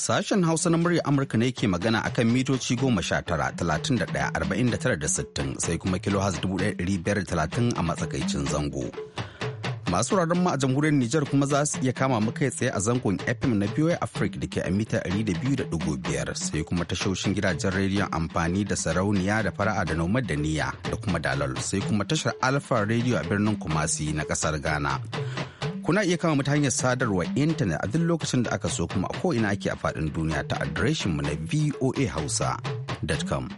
Sashen Hausa na murya Amurka ne ke magana a kan mitoci goma sha tara, talatin da ɗaya, sai kuma kilohaz dubu a matsakaicin zango. Masu wuraren ma a jamhuriyar Nijar kuma za su iya kama mu kai tsaye a zangon FM na VOA Africa da ke a mita ɗari da da ɗigo biyar, sai kuma tashoshin gidajen rediyon amfani da sarauniya da fara'a da nomad da niyya da kuma dalol, sai kuma tashar Alpha rediyo a birnin Kumasi na ƙasar Ghana. kuna iya kama ta hanyar sadarwa intanet a duk lokacin da aka so kuma ko ko'ina ake a faɗin duniya ta adireshinmu na voahausa.com.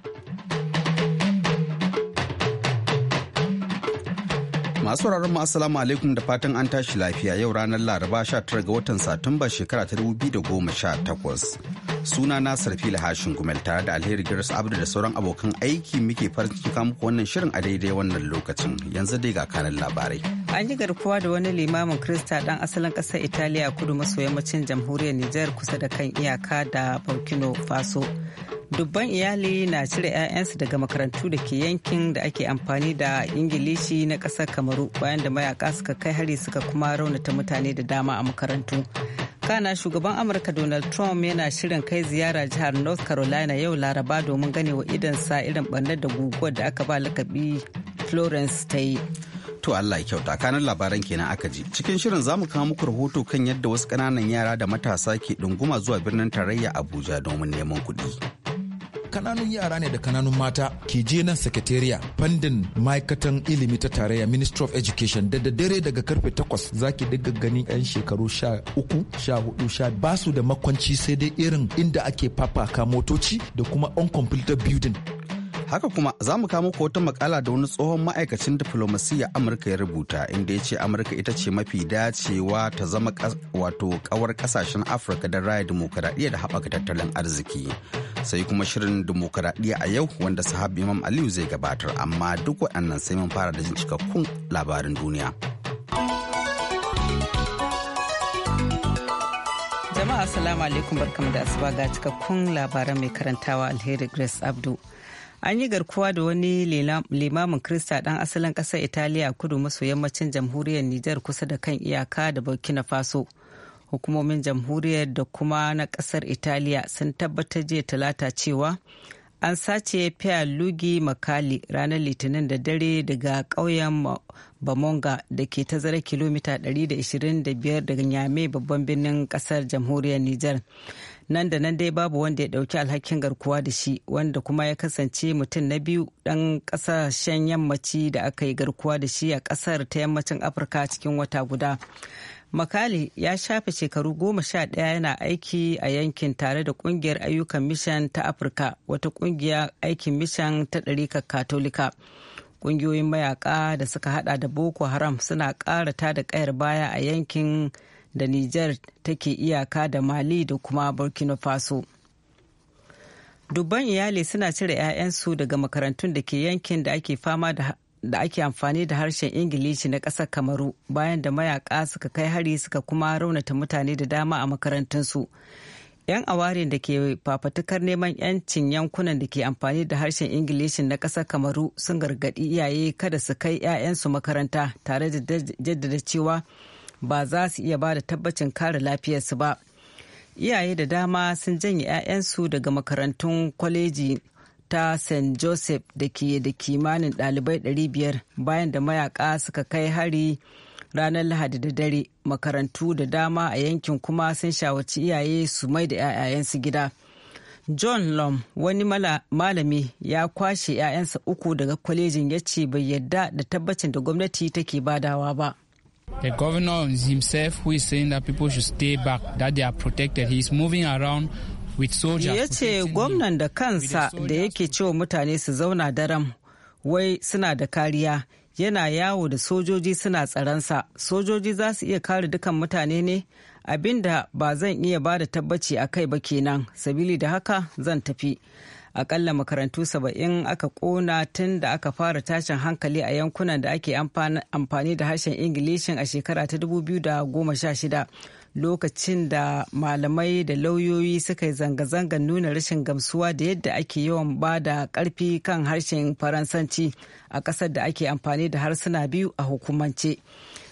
Masu sauraron ma assalamu alaikum da fatan an tashi lafiya yau ranar Laraba 19 ga watan Satumba shekara ta 2018. Suna na Sarfila Hashin Gumel tare da Alheri Giras Abdu da sauran abokan aiki muke farin ciki muku wannan shirin a daidai wannan lokacin yanzu dai ga kanan labarai. An yi garkuwa da wani limamin Krista dan asalin ƙasar Italiya kudu maso yammacin jamhuriyar Nijar kusa da kan iyaka da Burkina Faso. dubban iyali na cire 'ya'yansu daga makarantu da ke yankin da ake amfani da ingilishi na ƙasar kamaru bayan da mayaka suka kai hari suka kuma raunata mutane da dama a makarantu kana shugaban amurka donald trump yana shirin kai ziyara jihar north carolina yau laraba domin gane wa sa irin ɓarnar da guguwar da aka ba lakabi florence ta yi to Allah ya kyauta kanan labaran kenan aka ji cikin shirin zamu kawo muku rahoto kan yadda wasu ƙananan yara da matasa ke ɗunguma zuwa birnin tarayya Abuja domin neman kuɗi. kananun yara ne da kananun mata ke je nan sakatariya fandin ma'aikatan ilimi ta tarayya ministry of education da dare daga karfe 8 zaki daga gani yan shekaru 13 14 ba su da makwanci sai dai irin inda ake fafaka motoci da kuma uncompleted building haka kuma za mu kama wata makala da wani tsohon ma'aikacin diplomasiya amurka ya rubuta inda ya ce amurka ita ce mafi dacewa ta zama wato kawar kasashen afirka don raya dimokuraɗiyya da haɓaka tattalin arziki sai kuma shirin dimokuraɗiyya a yau wanda sahab imam aliyu zai gabatar amma duk waɗannan sai mun fara da jin cikakkun labarin duniya jama'a assalamu alaikum barkamu da asuba ga cikakkun labaran mai karantawa alheri grace abdu an yi garkuwa da wani limamin krista dan asalin ƙasar italiya kudu maso yammacin jamhuriyar nijar kusa da kan iyaka da burkina faso hukumomin jamhuriyar da kuma na kasar italiya sun tabbatar jiya talata cewa an sace lugi makali ranar litinin da dare daga ƙauyen bamonga da ke tazara kilomita 125 daga nyame babban birnin ƙasar jamhuriyar niger nan da nan dai babu wanda ya dauki alhakin garkuwa da shi wanda kuma ya kasance mutum na biyu dan kasashen yammaci da aka yi garkuwa da shi a kasar ta yammacin afirka cikin wata guda makali ya shafe shekaru goma sha ɗaya yana aiki a yankin tare da kungiyar ayyukan mishan ta afirka wata kungiya aikin mishan ta ɗarikar katolika ƙungiyoyin mayaka da suka hada da boko haram suna ƙara ta da ƙayar baya a yankin da niger take iyaka da mali da kuma burkina faso dubban iyali suna cire 'ya'yansu daga makarantun da ke yankin da ake fama da da ake amfani da harshen ingilishi na ƙasar kamaru bayan da mayaka suka kai hari suka kuma raunata mutane da dama a makarantunsu yan awarin da ke fafatukar neman yancin yankunan da ke amfani da harshen ingilishin na ƙasar kamaru sun gargaɗi iyaye kada su kai 'ya'yansu makaranta tare da jaddada cewa ba za su iya ba da tabbacin kare lafiyarsu ba iyaye da dama sun janye 'ya'yansu daga makarantun kwaleji ta st joseph da ke da kimanin ɗalibai 500 bayan da mayaka suka kai hari ranar lahadi da dare makarantu da dama a yankin kuma sun shawarci iyaye su mai da 'ya'yayensu gida john lom wani malami ya kwashe 'ya'yansa uku daga kwalejin ya ce bai yadda da tabbacin da gwamnati take badawa ba The governor himself who is saying that people should stay back, that they are protected, he is moving around ya ce gwamnan da kansa da yake cewa mutane su zauna daram wai suna da kariya yana yawo da sojoji suna tsaransa sojoji za su iya kare dukan mutane ne abinda ba zan iya ba da tabbaci a kai ba kenan sabili da haka zan tafi akalla makarantu saba'in aka kona tun da aka fara tashin hankali a yankunan da ake amfani da harshen ingilishin a shekara ta 2016 lokacin da malamai da lauyoyi suka yi zanga zanga nuna rashin gamsuwa da yadda ake yawan ba da ƙarfi kan harshen faransanci a ƙasar da ake amfani da harsuna biyu a hukumance.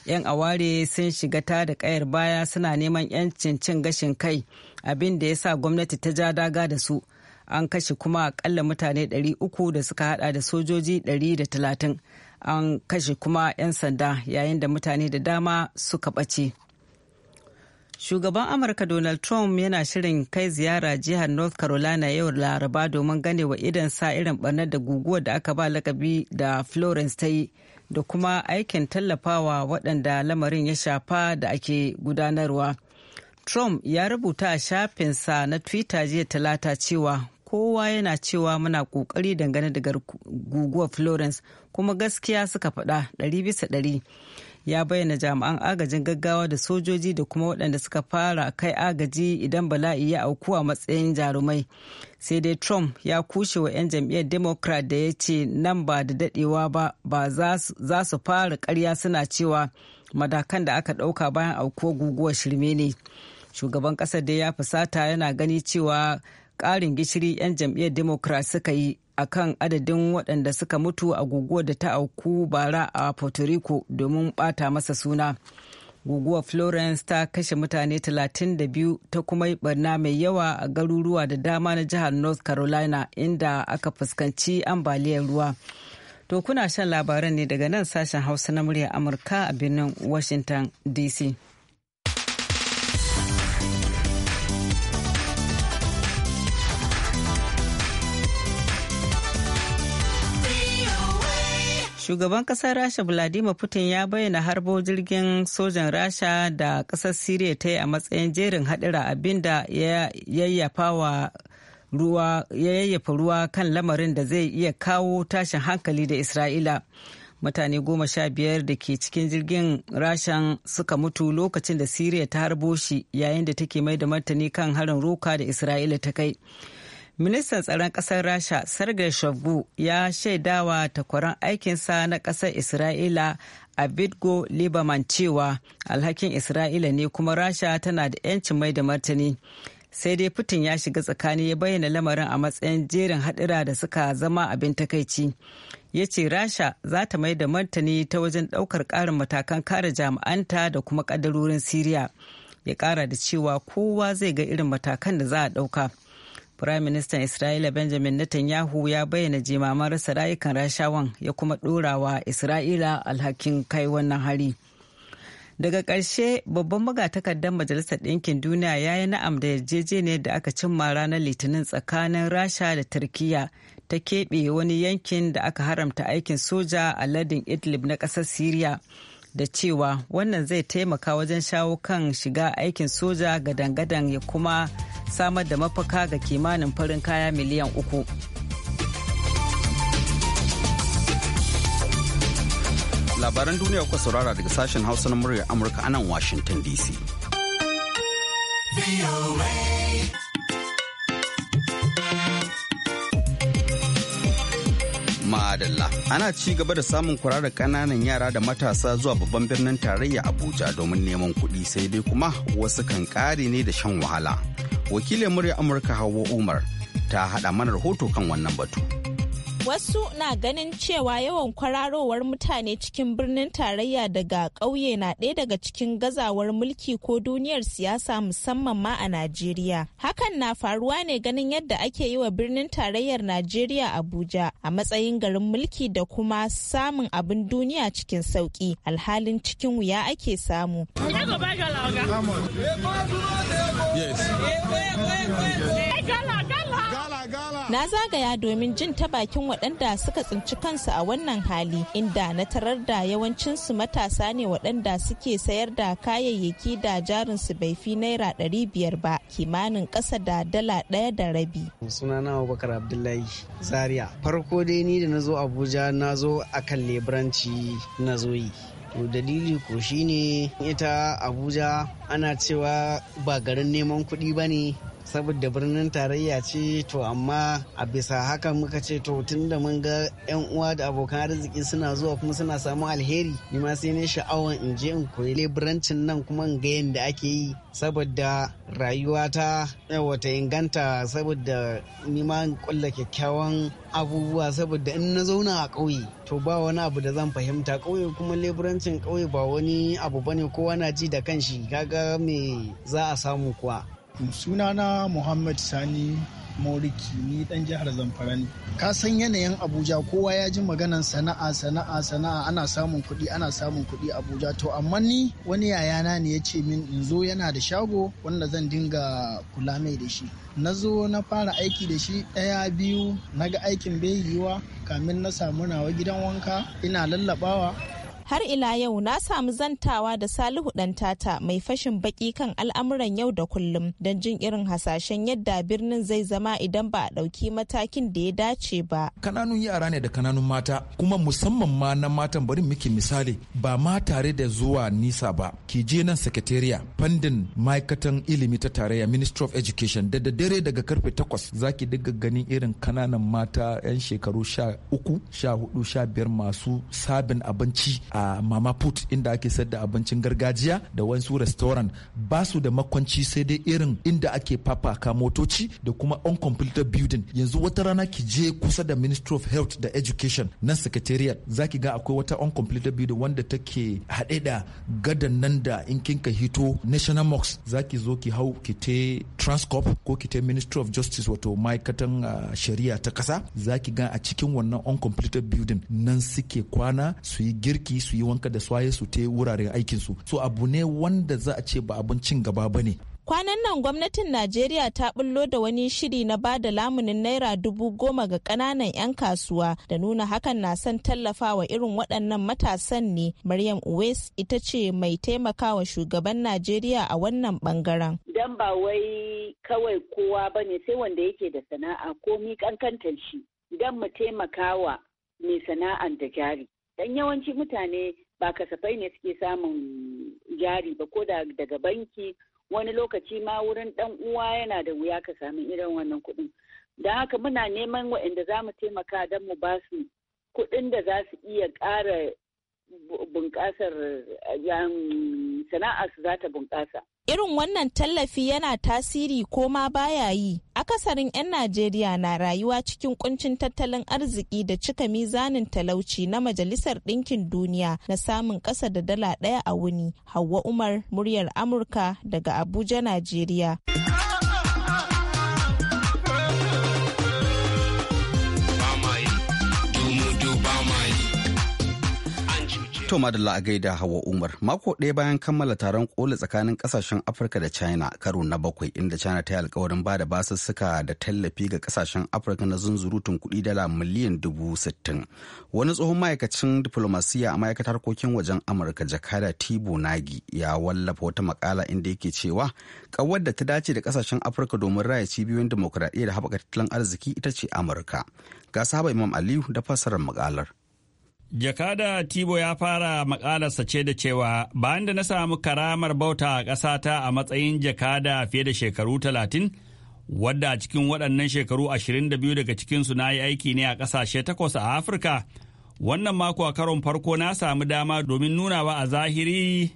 'yan aware sun shiga ta da kayar baya suna neman 'yancin cin gashin kai abin da ya sa gwamnati ta ja daga da su an kashe kuma akalla mutane 300 da suka hada da sojoji 130 an kashe kuma 'yan sanda yayin da mutane da dama suka ɓace. Shugaban Amurka Donald Trump yana shirin kai ziyara jihar North Carolina yau Laraba domin gane wa idan sa irin barnar da guguwar da aka ba lakabi da Florence ta yi da kuma aikin tallafawa waɗanda lamarin ya shafa da ake gudanarwa. Trump ya rubuta a shafinsa na Twitter jiya talata cewa kowa yana cewa muna ƙoƙari dangane da guguwar Florence kuma gaskiya suka faɗa ɗari bisa ɗari. ya bayyana jami'an agajin gaggawa da sojoji da kuma waɗanda suka fara kai agaji idan bala'i ya auku a matsayin jarumai sai dai trump ya kushe wa 'yan jam'iyyar democrat da ya ce nan ba da dadewa ba ba za su fara karya suna cewa madakan da aka ɗauka bayan aukuwa guguwar shirme ne shugaban ƙasar da ya fusata yana gani cewa ƙarin gishiri 'yan jam'iyyar democrat suka yi a kan adadin waɗanda suka mutu a guguwar da ta auku bara a Puerto Rico domin bata masa suna. Guguwar Florence ta kashe mutane 32 ta kuma yi barna mai yawa a garuruwa da dama na jihar North Carolina inda aka fuskanci ambaliyar ruwa. To kuna shan labaran ne daga nan sashen Hausa na murya Amurka a birnin Washington DC. shugaban kasar rasha vladimir putin ya bayyana harbo jirgin sojan rasha da kasar siriya ta yi a matsayin jerin hadira abinda ya yayyafa ruwa yayyafa ruwa kan lamarin da zai iya kawo tashin hankali da isra'ila mutane goma sha biyar da ke cikin jirgin rashan suka mutu lokacin da siriya ta harbo shi yayin da take mai da martani kan harin roka da isra'ila ta kai ministan tsaron ƙasar rasha sergei shogu ya shaidawa takwaran aikinsa na ƙasar isra'ila abidgo liberman cewa alhakin isra'ila ne kuma rasha tana da 'yancin mai da martani sai dai putin ya shiga tsakani ya bayyana lamarin a matsayin jerin haɗura da suka zama abin takaici ya ce rasha za ta mai da martani ta wajen ɗaukar ƙarin matakan kare jami'anta da kuma ƙaddarorin siriya ya ƙara da cewa kowa zai ga irin matakan da za a ɗauka. firaministan Isra'ila Benjamin Netanyahu ya bayyana jimaman rasa rayukan rashawan ya kuma ɗorawa Isra'ila alhakin kai wannan hari. Daga ƙarshe babban magatakardar Majalisar Ɗinkin Duniya ya yi na'am da yarjejeniyar da aka cimma ranar Litinin tsakanin Rasha da Turkiyya ta keɓe wani yankin da aka haramta aikin soja a lardin Idlib na ƙasar Siriya. da cewa wannan zai taimaka wajen shawo kan shiga aikin soja ga dangadan ya kuma samar da mafaka ga kimanin farin kaya miliyan uku. labaran duniya kuka saurara daga sashen hausa na muryar amurka anan washington dc. Madalla. Ana ci gaba da samun kwararar ƙananan yara da matasa zuwa babban birnin tarayya Abuja domin neman kuɗi sai dai kuma wasu kan ƙare ne da shan wahala. Wakilin murya Amurka Hauwa Umar ta haɗa mana rahoto kan wannan batu. Wasu na ganin cewa yawan kwararowar mutane cikin birnin tarayya daga ƙauye na ɗaya daga cikin gazawar mulki ko duniyar siyasa musamman ma a Najeriya. Hakan na faruwa ne ganin yadda ake yi wa birnin tarayyar Najeriya Abuja a matsayin garin mulki da kuma samun abin duniya cikin sauƙi alhalin cikin wuya ake samu. Yes. Na zagaya domin jin ta bakin waɗanda suka tsinci kansu a wannan hali inda na tarar da yawancinsu matasa ne waɗanda suke sayar da kayayyaki da jarinsu bai fi naira ɗari biyar ba kimanin ƙasa da dala ɗaya da rabi. na Abubakar Abdullahi Zaria. Farko dai ni da na zo Abuja na zo akan leburanci na zo yi. to dalili ko shine ita abuja ana cewa ba garin neman kuɗi ba ne saboda birnin tarayya ce to amma a bisa haka muka ce to tun da mun ga yan uwa da abokan arziki suna zuwa kuma suna samu alheri ni ma sai ne sha'awan in je in koyi leburancin nan kuma in ga yadda ake yi saboda rayuwa ta ta inganta saboda ni ma in kulla kyakkyawan abubuwa saboda in na zauna a ƙauye to ba wani abu da zan fahimta ƙauye kuma leburancin ƙauye ba wani abu bane kowa na ji da kanshi kaga me za a samu kuwa sunana muhammad sani moriki ni dan jihar zamfara ne ka san yanayin abuja kowa ya ji maganan sana'a sana'a sana'a ana samun kuɗi ana samun kuɗi abuja to amma ni wani yayana ne ya ce min in zo yana da shago wanda zan dinga kula mai da shi na zo na fara aiki da shi ɗaya biyu na ga aikin bai yiwa kamin na samu nawa gidan wanka ina lallabawa har ila yau na samu zantawa da salihu ɗantata mai fashin baki kan al'amuran yau da kullum don jin irin hasashen yadda birnin zai zama idan ba a ɗauki matakin da ya dace ba kananun yara ne da kananun mata kuma musamman ma na matan bari miki misali ba ma tare da zuwa nisa ba ki je nan sakatariya fandin ma'aikatan ilimi ta tarayya ministry of education da da dare daga karfe takwas zaki diga ganin irin kananan mata 'yan shekaru sha uku sha masu sabin abinci a a mama put inda ake sayar da abincin gargajiya da wasu restaurant ba su da makwanci sai dai irin inda ake fafaka motoci da kuma uncompleted building yanzu wata rana ki je kusa da ministry of health da education nan secretariat za ki ga akwai wata uncompleted building wanda take haɗe da gadan nan da in kin ka hito national mosque za ki zo ki hau ki te transcorp ko ki te ministry of justice wato ma'aikatan shari'a ta kasa za ki ga a cikin wannan uncompleted building nan suke kwana su yi girki su yi wanka da swaye su te wuraren su so abu ne wanda za a ce ba abun cin gaba ba kwanan nan gwamnatin najeriya ta bullo da wani shiri na ba da lamunin naira dubu goma ga kananan 'yan kasuwa da nuna hakan na son tallafawa irin waɗannan matasan ne maryam uwais ita ce mai taimakawa shugaban najeriya a wannan bangaren dan ba wai kawai kowa ba ne sai wanda yake da sana'a ko mi kankantar shi don mu taimakawa mai sana'ar da jari dan yawanci mutane ba kasafai ne suke samun jari ba ko daga banki wani lokaci ma wurin dan uwa yana da wuya ka sami irin wannan kuɗin da haka muna neman waɗanda za mu taimaka don mu ba su kuɗin da za su iya ƙara bunƙasar eh, su za ta bunƙasa irin wannan tallafi yana tasiri ko ma baya yi akasarin 'yan najeriya na rayuwa cikin kuncin tattalin arziki da cika mizanin talauci na majalisar ɗinkin duniya na samun ƙasa da dala ɗaya a wuni hawa umar muryar amurka daga abuja najeriya To madalla a gaida Hawa Umar mako ɗaya bayan kammala taron koli tsakanin ƙasashen Afirka da China karo na bakwai inda China ta yi alkawarin ba da basussuka da tallafi ga ƙasashen Afirka na zunzurutun kuɗi dala miliyan dubu sittin. Wani tsohon ma'aikacin diplomasiya a ma'aikatar harkokin wajen Amurka jakada Tibo Nagi ya wallafa wata makala inda yake cewa kawar da ta dace da ƙasashen Afirka domin raya cibiyoyin dimokuraɗiyya da haɓaka tattalin arziki ita ce Amurka. Ga sahaba Imam Aliyu da fassarar makalar. Jakada Tibo ya fara makalarsa ce da cewa bayan da na samu karamar bauta a ƙasata a matsayin jakada fiye da shekaru talatin, wadda a cikin waɗannan shekaru ashirin da biyu daga cikinsu na yi aiki ne a ƙasashe takwas a Afirka, wannan mako a karon farko na samu dama domin nunawa a zahiri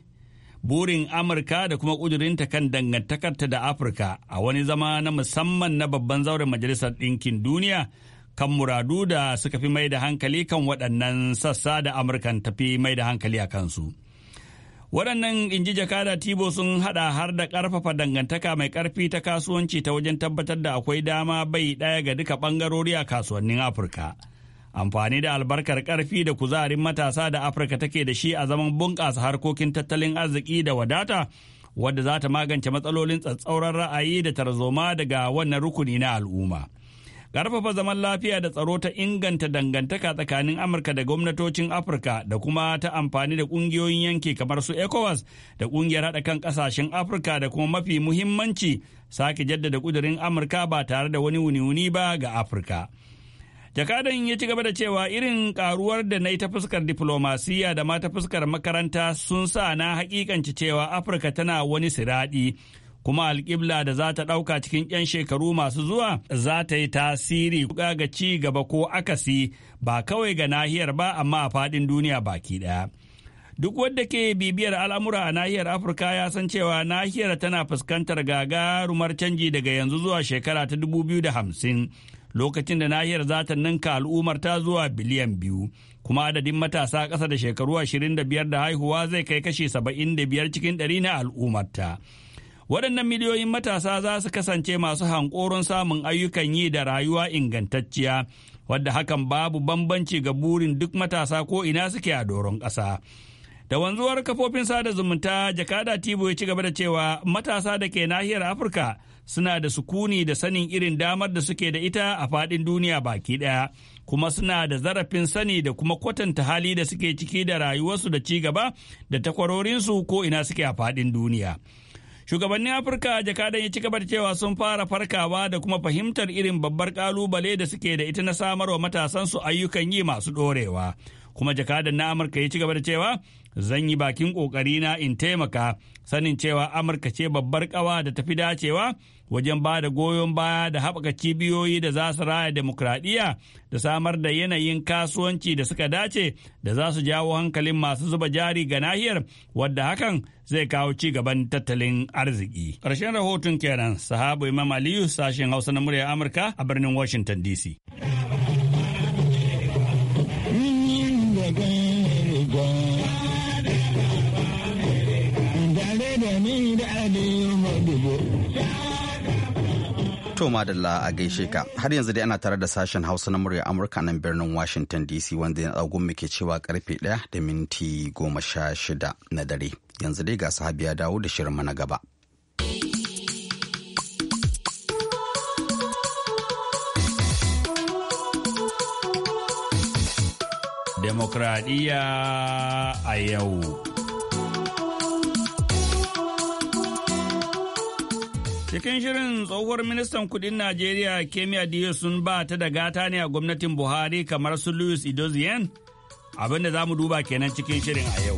burin Amurka da kuma ƙudurinta kan dangantakarta da Afirka a wani zama na musamman na babban zauren Majalisar Ɗinkin Duniya kan muradu da suka fi mai da hankali kan waɗannan sassa da amurkan tafi mai da hankali a kansu waɗannan inji jakada tibo sun haɗa har da ƙarfafa dangantaka mai ƙarfi ta kasuwanci ta wajen tabbatar da akwai dama bai ɗaya ga duka ɓangarori a kasuwannin afirka amfani da albarkar ƙarfi da kuzarin matasa da afirka take da shi a zaman bunƙasa harkokin tattalin arziki da wadata wadda za ta magance matsalolin tsatsauran ra'ayi da tarzoma daga wannan rukuni na al'umma Ƙarfafa zaman lafiya da tsaro ta inganta dangantaka tsakanin Amurka da gwamnatocin Afirka da kuma ta amfani da ƙungiyoyin yanki kamar su ECOWAS da ƙungiyar haɗa kan ƙasashen Afirka da kuma mafi muhimmanci sake jaddada ƙudurin Amurka ba tare da wani wuni-wuni ba ga Afirka. jakadan ya ci gaba da cewa irin karuwar da na yi ta fuskar diplomasiya da ma ta fuskar makaranta sun sa na hakikanci cewa afirka tana wani siraɗi kuma alƙibla da za ta ɗauka cikin 'yan shekaru masu zuwa za ta yi tasiri ga ci gaba ko akasi ba kawai ga nahiyar ba amma a faɗin duniya baki ɗaya. Duk wadda ke bibiyar al'amura a nahiyar Afirka ya san cewa nahiyar tana fuskantar gagarumar canji daga yanzu zuwa shekara ta 2050 lokacin da nahiyar za ta ninka al'ummar ta zuwa biliyan biyu. kuma adadin matasa ƙasa da shekaru 25 da haihuwa zai kai kashi 75 cikin ɗari na al'ummarta. waɗannan miliyoyin matasa za su kasance masu hankoron samun ayyukan yi da rayuwa ingantacciya wadda hakan babu bambanci ga burin duk matasa ko ina suke a doron ƙasa. da wanzuwar kafofin sada zumunta jakada tibo ya ci gaba da cewa matasa da ke nahiyar afirka suna da sukuni da sanin irin damar da suke da ita a faɗin duniya baki ɗaya kuma suna da zarafin sani da kuma kwatanta hali da suke ciki da rayuwarsu da ci gaba da takwarorinsu ko ina suke a faɗin duniya. shugabannin afirka jakadan ya ci gaba da cewa sun fara farkawa da kuma fahimtar irin babbar kalubale da suke da ita na samarwa matasan su ayyukan yi masu dorewa kuma jakadan na amurka ya ci gaba da cewa zan yi bakin na in taimaka sanin cewa amurka ce babbar kawa da tafi dacewa wajen ba da goyon baya da haɓaka cibiyoyi da za su raya demokradiyya da samar da yanayin kasuwanci da suka dace da za su jawo hankalin masu zuba jari ga nahiyar wadda hakan zai kawo ci gaban tattalin arziki. Ƙarshen rahoton kenan sahabu Imam Aliyu sashen Hausa na murya Amurka a birnin Washington DC. To Madalla a gaishe ka. Har yanzu dai ana tare da sashen Hausa na murya Amurka nan birnin Washington DC wanda ya tsagun muke cewa karfe ɗaya da minti goma sha shida na dare. Yanzu dai ga sahabi ya dawo da shirin mana gaba. Demokradiyya a yau. Cikin shirin tsohuwar ministan kudin Najeriya Kemi Adiyo sun ba ta da gata ne a gwamnatin Buhari kamar su Louis Idozien? Abinda za mu duba kenan cikin shirin a yau.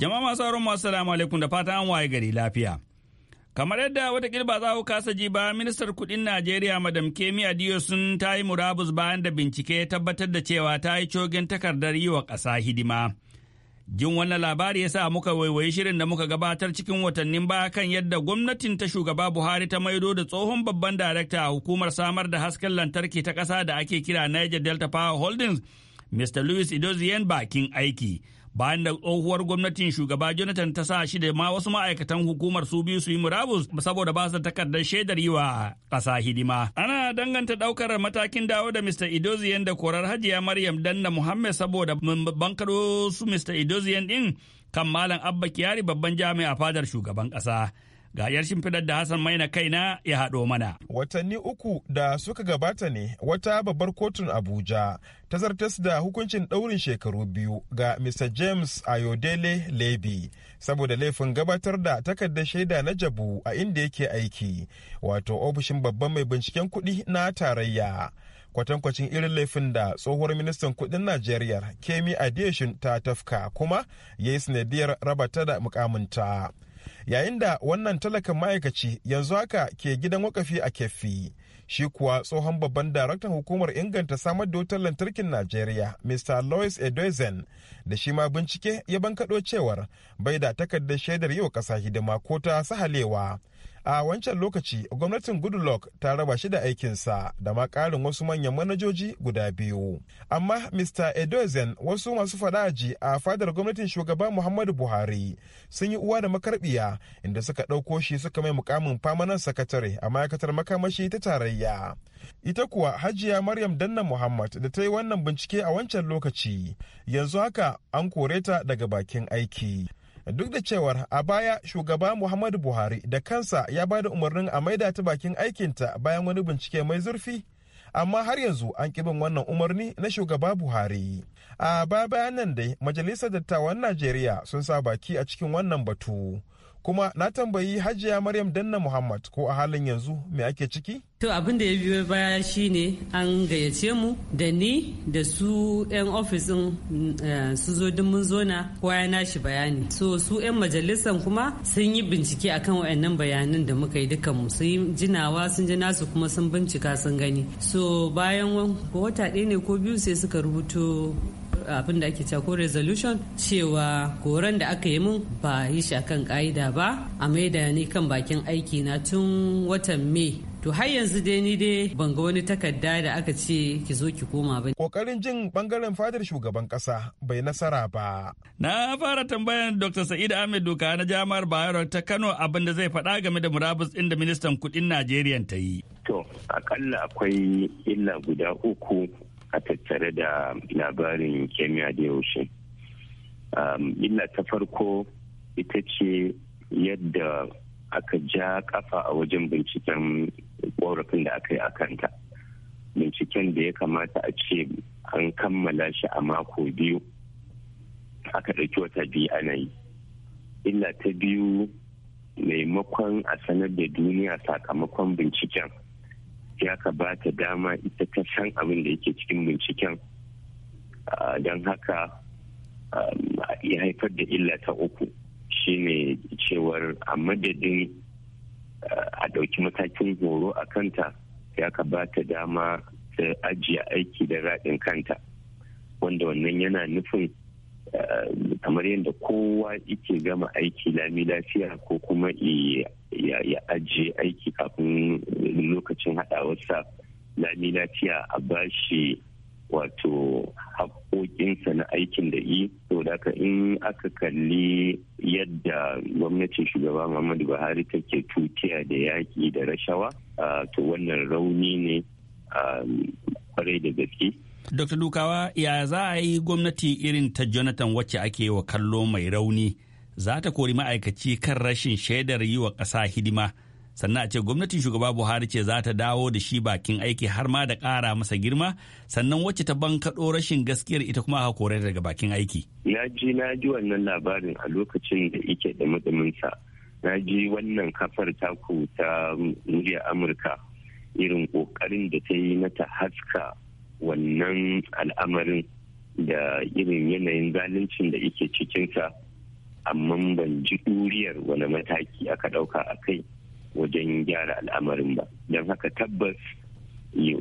Jama'a masu auren masu alaikum da fata an waye gari lafiya. Kamar yadda wata ba za ku kasa ji ba ministar kudin Najeriya Madam Kemi Adiyo sun ta yi murabus bayan da bincike ya tabbatar da cewa ta yi cogin takardar yi wa ƙasa hidima. Jin wannan labari ya sa muka waiwayi shirin da muka gabatar cikin watannin baya kan yadda gwamnatin ta shugaba Buhari ta maido da tsohon babban darakta a hukumar samar da hasken lantarki ta ƙasa da ake kira Niger Delta Power Holdings, Mr. Louis Idozien bakin aiki. bayan da tsohuwar gwamnatin shugaba jonathan ta sa shi da ma wasu ma'aikatan hukumar su biyu su yi murabus saboda ba su takardar shaidar yi wa ƙasa hidima ana danganta ɗaukar matakin dawo da mr idoziyan da korar hajiya maryam danna muhammad saboda bankaro su mr idoziyan din kan malam abba kiyari babban jami'a fadar shugaban ƙasa ga yar shimfidar da Hassan Maina kaina ya haɗo mana. Watanni uku da suka gabata ne wata babbar kotun Abuja ta zartas da hukuncin ɗaurin shekaru biyu ga Mr. James Ayodele lebi saboda laifin gabatar da takardar shaida na jabu a inda yake aiki wato ofishin babban mai binciken kuɗi na tarayya. kwatankwacin irin laifin da tsohuwar ministan kudin najeriya kemi adeshin ta tafka kuma ya yi sanadiyar rabata da mukaminta yayin da wannan talakan ma'aikaci yanzu haka ke gidan wakafi a keffi shi kuwa tsohon babban daraktan hukumar inganta samar da wutar lantarkin najeriya mr louis edoizen da shi ma bincike ya bankaɗo cewar bai da takardar shaidar yi wa ƙasa hidima ko ta sahalewa a wancan lokaci gwamnatin goodluck ta raba shi da aikinsa da ma karin wasu manyan manajoji guda biyu amma mr edozen wasu masu fadaji a fadar gwamnatin shugaba muhammadu buhari sun yi uwa da makarbiya inda suka ɗauko shi suka mai mukamin famanan sakatare a ma'aikatar makamashi ta tarayya ita kuwa hajiya maryam danna muhammad da ta yi wannan bincike a wancan lokaci yanzu haka an kore ta daga bakin aiki duk da cewar a baya shugaba muhammadu buhari da kansa ya ba da umarnin a maida ta bakin aikinta bayan wani bincike mai zurfi amma har yanzu an kibin wannan umarni na shugaba buhari a baya nan dai majalisar dattawan najeriya sun sa baki a cikin wannan batu kuma na tambayi hajiya maryam danna muhammad ko a halin yanzu me ake ciki to abin da ya biyo baya shine an gayyace mu da ni da su 'yan ofisin eh, su zo din mun zo na kowa ya nashi bayani so su 'yan majalisan kuma sun yi bincike akan wayannan bayanan da muka yi dukan mu sun jinawa sun ji nasu kuma sun bincika sun gani so bayan wata ɗaya ne ko biyu sai suka rubuto abin da ake ko resolution cewa koran da aka yi mun ba yi shi akan ka'ida ba a maida ni kan bakin aiki na tun watan mai to har yanzu dai ni dai ban ga wani takarda da aka ce ki zo ki koma ba kokarin jin bangaren fadar shugaban kasa bai nasara ba na fara tambayan dr sa'id ahmed doka na jami'ar bayero ta kano abin da zai faɗa game da murabus ɗin da ministan kuɗin najeriya ta yi to akalla akwai illa guda uku a tattare da labarin kemiya da yaushe illa ta farko ita ce yadda aka ja kafa a wajen binciken ƙorafin da aka yi a kanta binciken da ya kamata a ce an kammala shi a mako biyu aka ɗauki wata biyu ana yi illa ta biyu maimakon a sanar da duniya sakamakon binciken ya ka ba ta dama ita ta san abin da yake cikin binciken ah, don haka ah, ya haifar da illa ta uku shine cewar a madadin ah, a ɗauki matakin horo a kanta ya ka ba ta dama ta ajiye aiki da raɗin kanta wanda wannan yana nufin kamar yadda kowa yake gama aiki lami lafiya ko kuma ya ajiye aiki kafin lokacin haɗawarsa lami lafiya a bashi wato haƙoƙinsa na aikin da yi saboda haka in aka kalli yadda gwamnatin shugaba muhammadu buhari take tutiya da yaƙi da rashawa to wannan rauni ne kwarai da gaske dr dukawa ya za a yi gwamnati irin ta jonathan wacce ake wa kallo mai rauni za ta kori ma'aikaci kan rashin shaidar yi wa ƙasa hidima sannan a ce gwamnatin shugaba buhari ce za ta dawo da shi bakin aiki har ma da ƙara masa girma sannan wacce ta ban kaɗo rashin gaskiyar ita kuma aka kore daga bakin aiki. na ji na ji wannan labarin a lokacin da ike da mutuminsa na ji wannan kafar taku ta murya amurka irin ƙoƙarin da ta yi na ta haska wannan al'amarin da irin yanayin zaluncin da ike cikinsa amma ban ji ɗuriyar wani mataki aka ɗauka a kai wajen gyara al'amarin ba don haka tabbas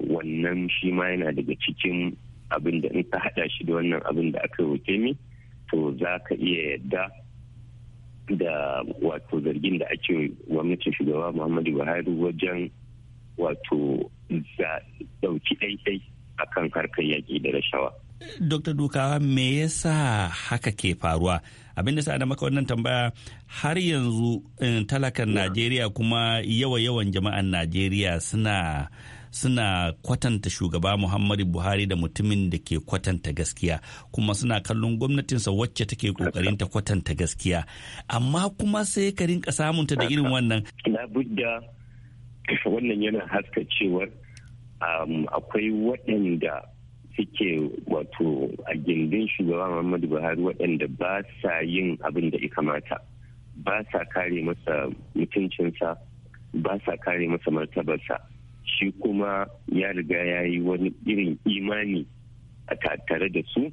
wannan shi ma yana daga cikin abin da in ka haɗa shi da wannan abin da aka roke ni to za ka iya yadda da wato zargin da ake gwamnatin shugaba muhammadu buhari wajen wato ɗauki ɗaiɗai akan harkar yaƙi da rashawa Dr. Duka me yasa haka ke faruwa? Abin da sa da maka wannan tambaya har yanzu eh, talakan Najeriya kuma yawa-yawan jama'an Najeriya suna suna kwatanta shugaba Muhammadu Buhari da mutumin da ke kwatanta gaskiya kuma suna kallon gwamnatinsa wacce take kokarin ta kwatanta gaskiya amma kuma sai ka rinka samunta da irin wannan labudda wannan yana haska cewar um, akwai waɗanda suke wato a gindin shugaba muhammadu buhari waɗanda ba sa yin abin da ya kamata ba sa kare masa mutuncinsa ba sa kare masa martabarsa shi kuma ya riga ya yi wani irin imani a tattare da su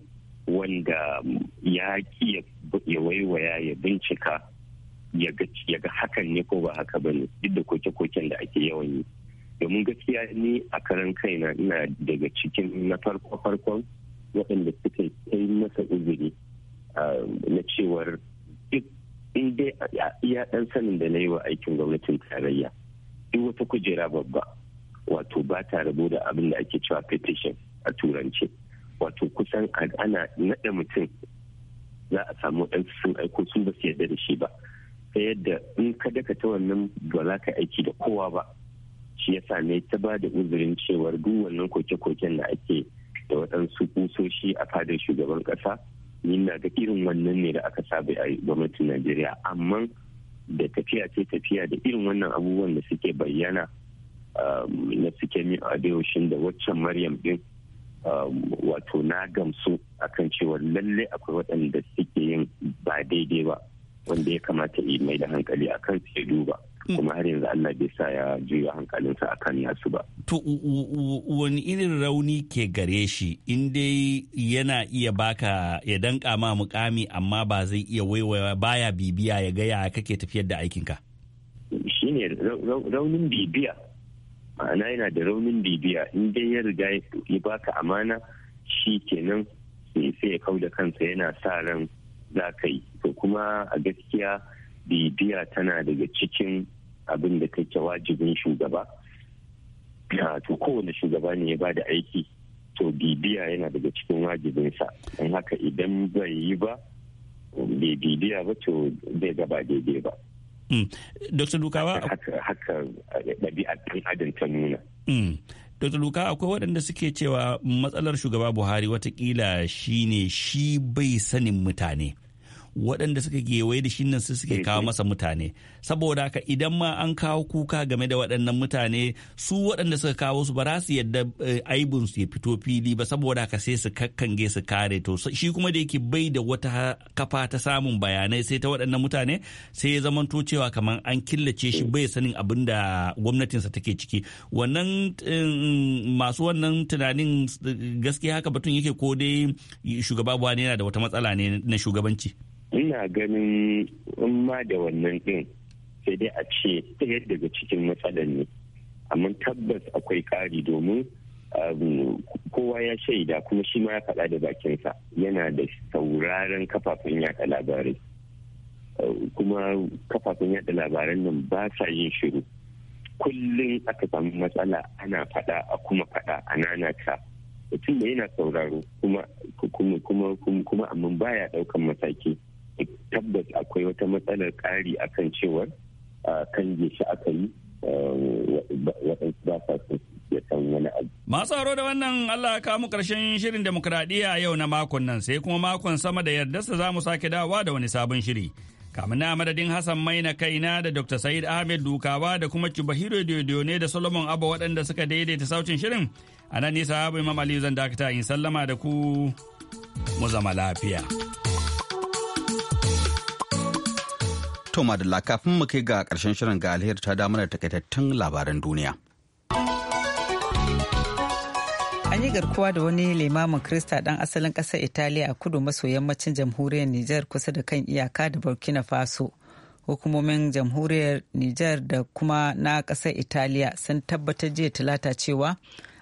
wanda ya ki ya waiwaya ya bincika ya ga hakan ne ko ba haka ba ne duk da koke-koken da ake yawan yi domin gaskiya ni a karan kaina ina daga cikin na farko farkon waɗanda suka yi masa izini na cewar iya ɗan sanin da na yi wa aikin gwamnatin tarayya duk wata kujera babba wato ba ta rabo da abin da ake cewa petition a turance wato kusan ana naɗa mutum za a samu ɗan sun aiko sun ba su yarda da shi ba ta yadda in ka daka ta wannan ba za ka aiki da kowa ba shi ya same ta ba da uzurin cewar duk wannan koke-koken da ake da waɗansu kusoshi a fadar shugaban ƙasa ni na ga irin wannan ne da aka saba a gwamnatin najeriya amma da tafiya ce tafiya da irin wannan abubuwan da suke bayyana um, na suke min adewashin da waccan maryam din um, wato na gamsu akan cewa lalle akwai waɗanda suke yin ba daidai ba wanda ya kamata yi mai da hankali a kan su duba kuma har yanzu Allah bai sa ya juya hankalinsa a kan yasu ba. To wani irin rauni ke gare shi in dai yana iya baka ya danka ma mukami amma ba zai iya waiwaya baya bibiya ya gaya kake tafiyar da aikinka. Shine raunin bibiya ma'ana yana da raunin bibiya in dai ya riga ya baka amana shi kenan sai ya kau da kansa yana sa ran za ka yi to kuma a gaskiya bibiya tana daga cikin abin da kake wajibin shugaba ah, to kowane shugaba ne ya ba da aiki to bibiya yana daga cikin wajibinsa don haka idan bai yi ba bai bibiya ba to bai gaba daidai ba hmm. Dr. Dukawa haka ɗabi'ar ɗan adam ta nuna. Hmm. Dr. Luka akwai waɗanda suke cewa matsalar shugaba Buhari watakila shine shi bai sanin mutane. waɗanda suka gewaye da shin nan su suke kawo masa mutane saboda haka idan ma an kawo kuka game da waɗannan mutane su waɗanda suka kawo su ba za su yadda eh, aibun su ya fito fili ba saboda haka sai su kakkange su kare to shi kuma da yake bai da wata kafa ta samun bayanai sai ta waɗannan mutane sai ya zama to cewa kamar an killace shi bai sanin abin da gwamnatinsa take ciki wannan eh, masu wannan tunanin eh, gaskiya haka batun yake ko dai shugaba buhari yana da wata matsala ne na shugabanci ina ganin in ma da wannan din sai dai a ce ɗaya daga cikin matsalar ne amma tabbas akwai ƙari domin um, kowa ya shaida kuma shi ma ya faɗa da bakinsa yana da sauraron kafafen yaɗa labarai uh, kuma kafafen yaɗa labaran nan ba sa yin shiru kullum aka samu matsala ana faɗa a kuma faɗa a ta mutum da yana sauraro kuma kuma kuma kuma amma baya ɗaukan mataki tabbas akwai wata matsalar ƙari akan cewa kan shi aka yi um, waɗansu ba sa ya san wani abu. Masu haro da wannan Allah ka mu karshen shirin demokuraɗiyya yau na makon nan sai kuma makon sama da yardarsa za mu sake dawowa da wani sabon shiri. kamin na madadin Hassan Maina kaina da Dr. Said Ahmed Dukawa da kuma Cibahiro Diodio ne da Solomon Abba waɗanda suka daidaita sautin shirin. A nan nisa Abu Imam Aliyu zan dakata in sallama da ku mu zama lafiya. To madalla kafin mu kai ga karshen shirin ga alheri ta damar takaitattun labaran duniya. An yi garkuwa da wani limamin Krista dan asalin ƙasar Italiya a kudu maso yammacin jamhuriyar Nijar kusa da kan iyaka da Burkina Faso. Hukumomin jamhuriyar Nijar da kuma na ƙasar Italiya sun tabbatar jiya talata cewa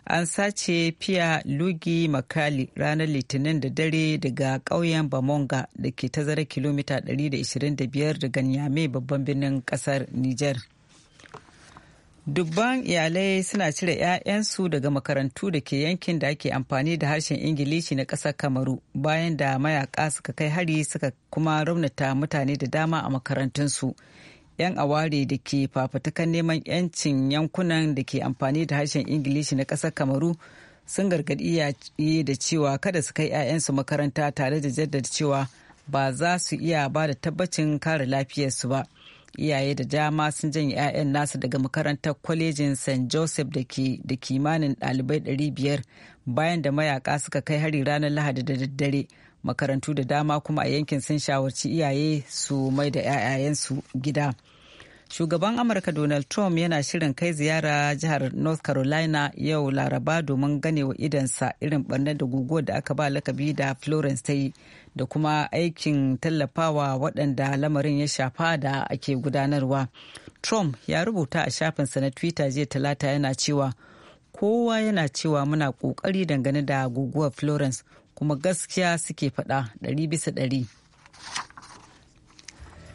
an sace fiya lugi makali ranar litinin da dare daga ƙauyen bamonga da ke tazara kilomita 125 daga nyame babban birnin ƙasar niger dubban iyalai suna cire 'ya'yansu daga makarantu da ke yankin da ake amfani da harshen ingilishi na ƙasar kamaru bayan da mayaka suka kai hari suka kuma raunata mutane da dama a makarantunsu. su 'yan aware da ke fafatakan neman 'yancin yankunan da ke amfani da harshen ingilishi na kasar kamaru sun gargaɗi iyaye da cewa kada su kai 'ya'yansu makaranta tare da jaddada cewa ba za su iya ba da tabbacin kare lafiyarsu ba iyaye da dama sun janye 'ya'yan nasu daga makarantar kwalejin st joseph da ke da kimanin ɗalibai 500 bayan da mayaka suka kai hari ranar lahadi da daddare makarantu da dama kuma a yankin sun shawarci iyaye su mai da 'ya'yansu gida shugaban amurka donald trump yana shirin kai ziyara jihar north carolina yau laraba domin ganewa idansa irin barnar da guguwar da aka ba lakabi da florence ta yi da kuma aikin tallafawa waɗanda lamarin ya shafa da ake gudanarwa trump ya rubuta a shafinsa na twitter jiya talata yana cewa kowa yana cewa muna ƙoƙari dangane da guguwar florence kuma gaskiya suke faɗa ɗari bisa ɗari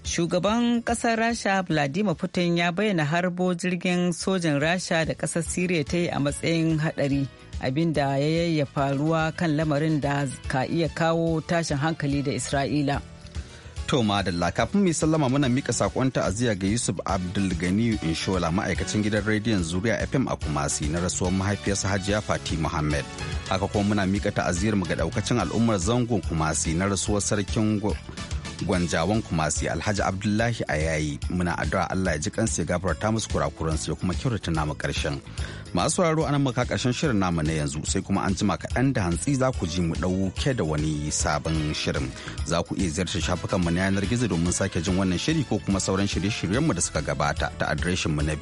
shugaban kasar rasha vladimir putin ya bayyana harbo jirgin sojan rasha da kasar syria ta yi a matsayin hadari abinda ya yayyafa ruwa kan lamarin da ka iya kawo tashin hankali da isra'ila to madalla kafin mai sallama muna mika sakon ta'aziyya ga yusuf abdul abdulgani inshola ma'aikacin gidan rediyon zuriya fm a kumasi na rasuwar mahaifiyarsa hajiya fati muhammad haka kuma muna mika ta'aziyyar mu ga daukacin al'ummar zangon kumasi na rasuwar sarkin gwanjawan kumasi alhaji abdullahi a yayi muna addu'a allah ya ji kansu ya gafarta musu kurakuransu ya kuma kyautata namu karshen masu sauraro anan maka karshen shirin namu na yanzu sai kuma an jima kaɗan da hantsi za ku ji mu ɗauke da wani sabon shirin za ku iya ziyartar shafukanmu na yanar gizo domin sake jin wannan shiri ko kuma sauran shirye-shiryenmu da suka gabata ta adireshinmu na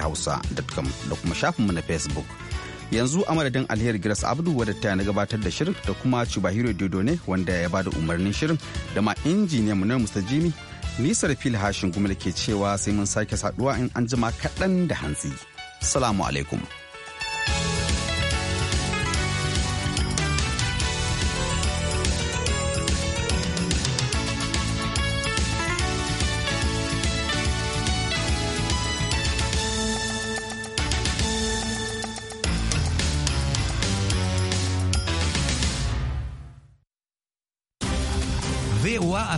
hausa.com da kuma shafinmu na facebook yanzu a madadin alheri grace abdu wadda ta na gabatar da shirin da kuma chubahiro dodo ne wanda ya bada umarnin shirin da ma injiniya mu na mr jimmy nisar fil hashin gumi da ke cewa sai mun sake saduwa in an jima kaɗan da hantsi salamu alaikum